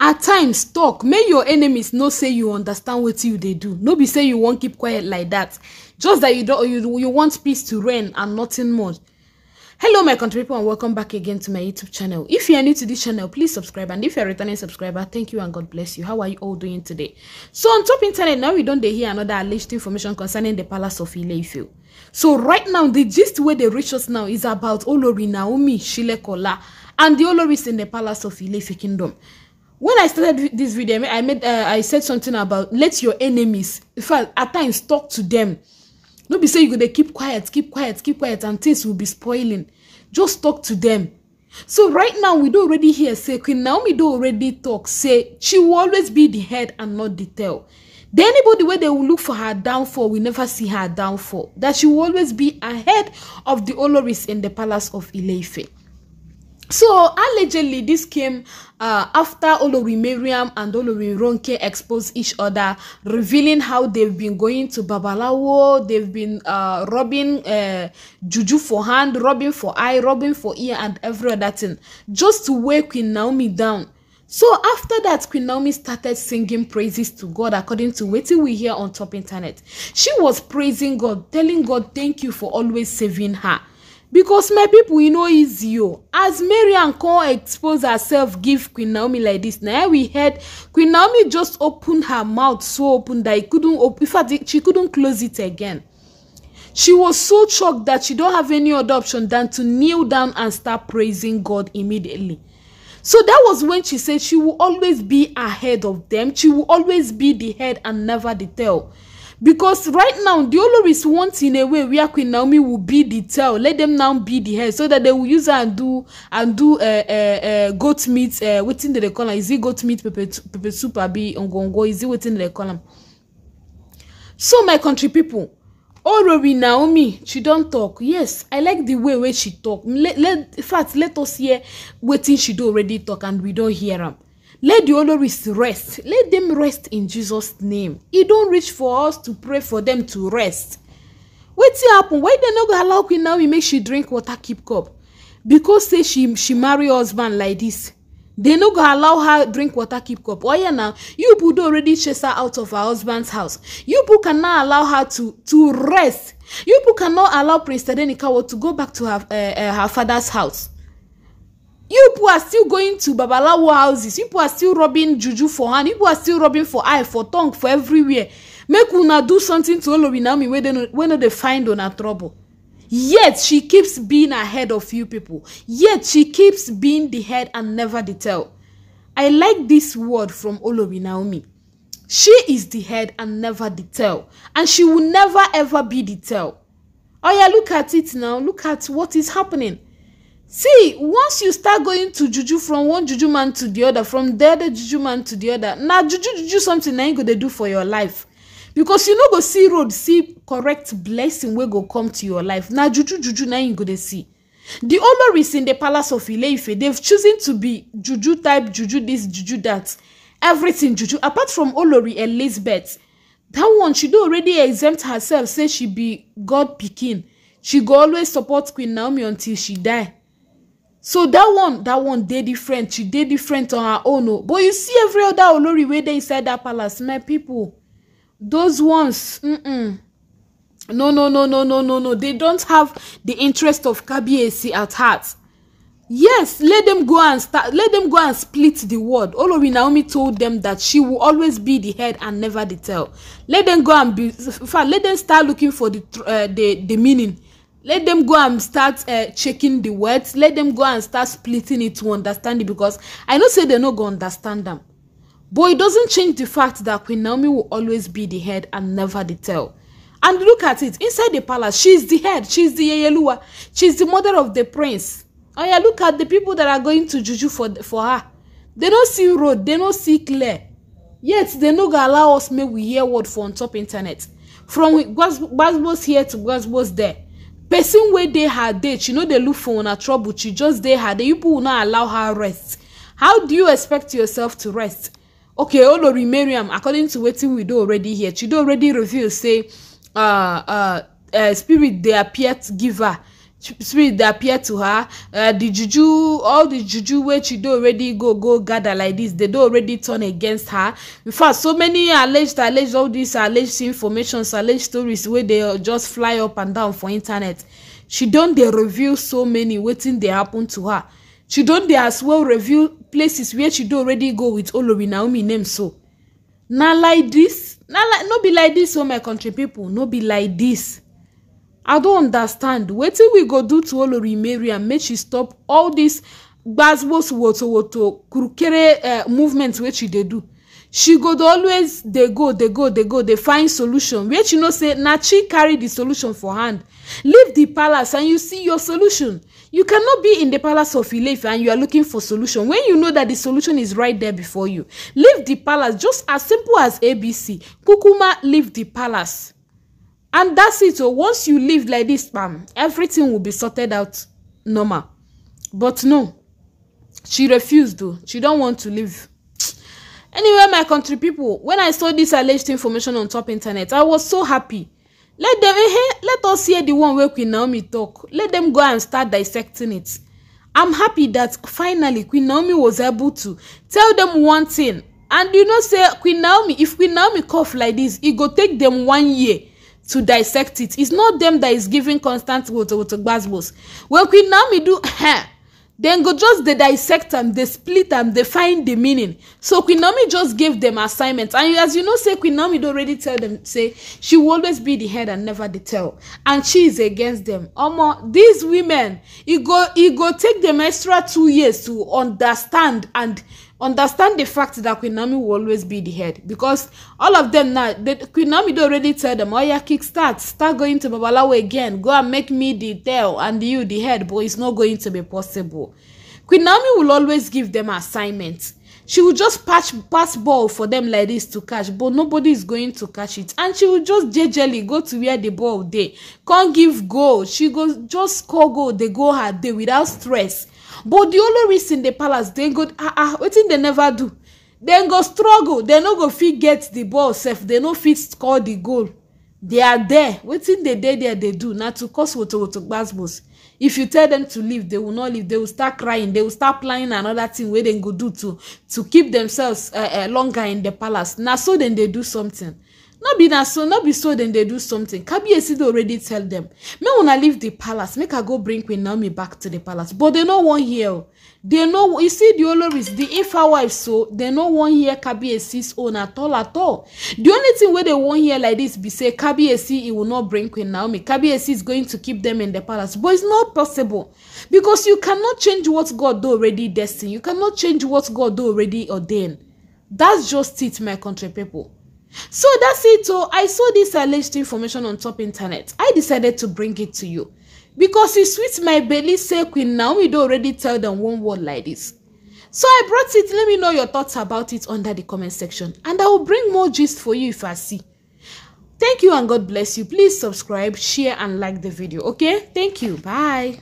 at times talk make your enemies know say you understand wetin you dey do no be say you wan keep quiet like that. just that you don you you want peace to reign and nothing more hello my country people and welcome back again to my youtube channel if you are new to this channel please subscribe and if you're a returning subscriber thank you and god bless you how are you all doing today so on top internet now we don't dey hear another alleged information concerning the palace of ile so right now the gist wey they reach us now is about olori naomi shilekola and the oloris in the palace of ile kingdom when i started this video i made uh, i said something about let your enemies in fact at times talk to them Don't be saying you go dey keep quiet keep quiet keep quiet and things will be spoiling just talk to them so right now we do already hear say queen naomi do already talk say she will always be the head and not the tail the anybody they will look for her downfall we never see her downfall that she will always be ahead of the oloris in the palace of ileife So allegedly, this came uh, after Olori Mariam and Olori Ronke exposed each other, revealing how they've been going to Babalawo, they've been uh, robbing uh, juju for hand, rubbing for eye, rubbing for ear, and every other thing, just to weigh Queen Naomi down. So after that, Queen Naomi started singing praises to God according to what we hear on top internet. She was praising God, telling God, thank you for always saving her because my people you know, easy o as mariam come expose herself give queen naomi like this Now we heard queen naomi just open her mouth so open that e couldn't open in fact she couldn't close it again she was so shocked that she don't have any other option than to kneel down and start praising god immediately so that was when she said she will always be ahead of them she will always be the head and never the tail because right now the Olori is wanting a way where Queen Naomi will be the tail. Let them now be the head so that they will use her and do and do uh, uh, uh, goat meat. Uh, what thing do call her? Is it goat meat pepper pepper soup? Abi ongongo? Is it what thing do call her? So my country people. Olori Naomi, she don talk. Yes, I like the way where she talk. Let, let, in fact, let us hear wetin she do already talk and we don hear am let the Oloris rest let them rest in jesus name e don reach for us to pray for them to rest wetin happen why dem no go allow queen naomi make she drink water keep cup because say she she marry husband like this dem no go allow her drink water keep cup oya na you don already chase her out of her husband's house you cannot allow her to to rest you cannot allow prince tadenikawo to go back to her uh, uh, her father's house you people are still going to babalawo houses people are still robbing juju for hand people are still robbing for eye for tongue for everywhere make una do something to olori naomi they, no they find her trouble yet she keeps being ahead of you people yet she keeps being the head and never the tail i like this word from olori naomi she is the head and never the tail and she will never ever be the tail yeah, look at it now look at what is happening see once you start going to juju from one juju man to the other from the other juju man to the other na juju juju something na you go dey do for your life because you no go see road see correct blessing wey go come to your life na juju juju na you go dey see the oloris in the palace of ileife they've chosen to be juju type juju this juju that everything juju apart from olori elizabeth that one she don already exempt herself say she be god pikin she go always support queen naomi until she die so that one that one dey different she dey different on her own o oh. but you see every other olori wey dey inside that palace my people, those ones mm-mm. no no no no no no no they don't have the interest of kabiyesi at heart yes let them go and start let them go and split the word. olori naomi told them that she will always be the head and never the tail let them go and be in fact let them start looking for the uh, the the meaning let them go and start uh, checking the words let them go and start splitting it to understand it because i know say they no go understand them. but it doesn't change the fact that queen naomi will always be the head and never the tail and look at it inside the palace she's the head she's the yeyeluwa she's the mother of the prince oh yeah look at the people that are going to juju for for her they no see road they no see clear yet they no go allow us make we hear word for on top internet from gbasgbos here to gbasgbos there person wey dey her date she no dey look for una trouble she just dey her day you people no allow her rest how do you expect yourself to rest okay olori mariam according to wetin we do already here she do already reveal say uh, uh, uh, spirit dey appear to give her spirit dey appear to her uh, the juju all the juju wey she don already go go gather like this they don already turn against her in fact so many alleged alleged all these alleged informations alleged stories wey dey uh, just fly up and down for internet she don dey reveal so many wetin dey happen to her she don dey as well reveal places where she don already go with olori naomi name so na like this na like no be like this o oh my country people no be like this i don understand wetin we go do to olori mariam make she stop all dis gbasgbos wotowoto kurukere eh, movement wey she dey do she go dey always dey go dey go dey go dey find solution Where she know say na she carry the solution for hand leave the palace and you see your solution you cannot be in the palace of ileife and you are looking for solution when you know that the solution is right there before you leave the palace just as simple as abc kukuma leave the palace and that's it o oh. once you live like this pam everything will be sorted out normal but no she refused o she don't want to leave anyway my country people when i saw this alleged information on top internet i was so happy let them eh, eh, let us hear the one where Queen Naomi talk let them go and start dissecting it i'm happy that finally Queen Naomi was able to tell them one thing and you know say Queen Naomi if Queen Naomi cough like this it go take them one year to dissect it it's not them that is giving constant wotowotogbazbos when Queen Naomi do dem eh, go just dey dissect am dey split am dey find the meaning so Queen Naomi just give dem assignment and as you know say Queen Naomi don already tell dem say she will always be the head and never the tail and she is against dem omo these women e go e go take dem extra two years to understand and understand the fact that Queen Naomi will always be the head because all of them now they, Queen Naomi don already tell them oh yeah kickstart start going to Babalawo again go and make me the tail and you the head but it's not going to be possible Queen Naomi will always give them assignments she will just patch pass ball for them like this to catch but nobody is going to catch it and she will just jejely go to where the ball dey come give goal she go just score goal dey go her day without stress but the only reason the palace dem go ah ah wetin dem never do dem go struggle dem no go fit get di ball sef dem no fit score di goal they are there wetin dey dey there dey do na to cause wotowoto gbasgbos if you tell dem to leave they will not leave they will start crying they will start planning another thing wey dem go do to to keep themselves uh, uh, longer in the palace na so dem dey do something no be na so no be so dem dey do something kabiyesi don already tell dem make una leave the palace make i go bring queen naomi back to the palace but they no wan hear o they no you see the oloris the ifa wife so they no wan hear kabiyesi's own at all at all the only thing wey they wan hear like this be say kabiyesi he will not bring queen naomi kabiyesi is going to keep them in the palace but it's not possible because you cannot change what god don already destiny you cannot change what god don already ordain that's just it my country people So that's it. So oh. I saw this alleged information on top internet. I decided to bring it to you because it sweet my belly say Queen we don't already tell them one word like this. So I brought it. Let me know your thoughts about it under the comment section and I will bring more gist for you if I see. Thank you and God bless you. Please subscribe, share and like the video. Okay? Thank you. Bye.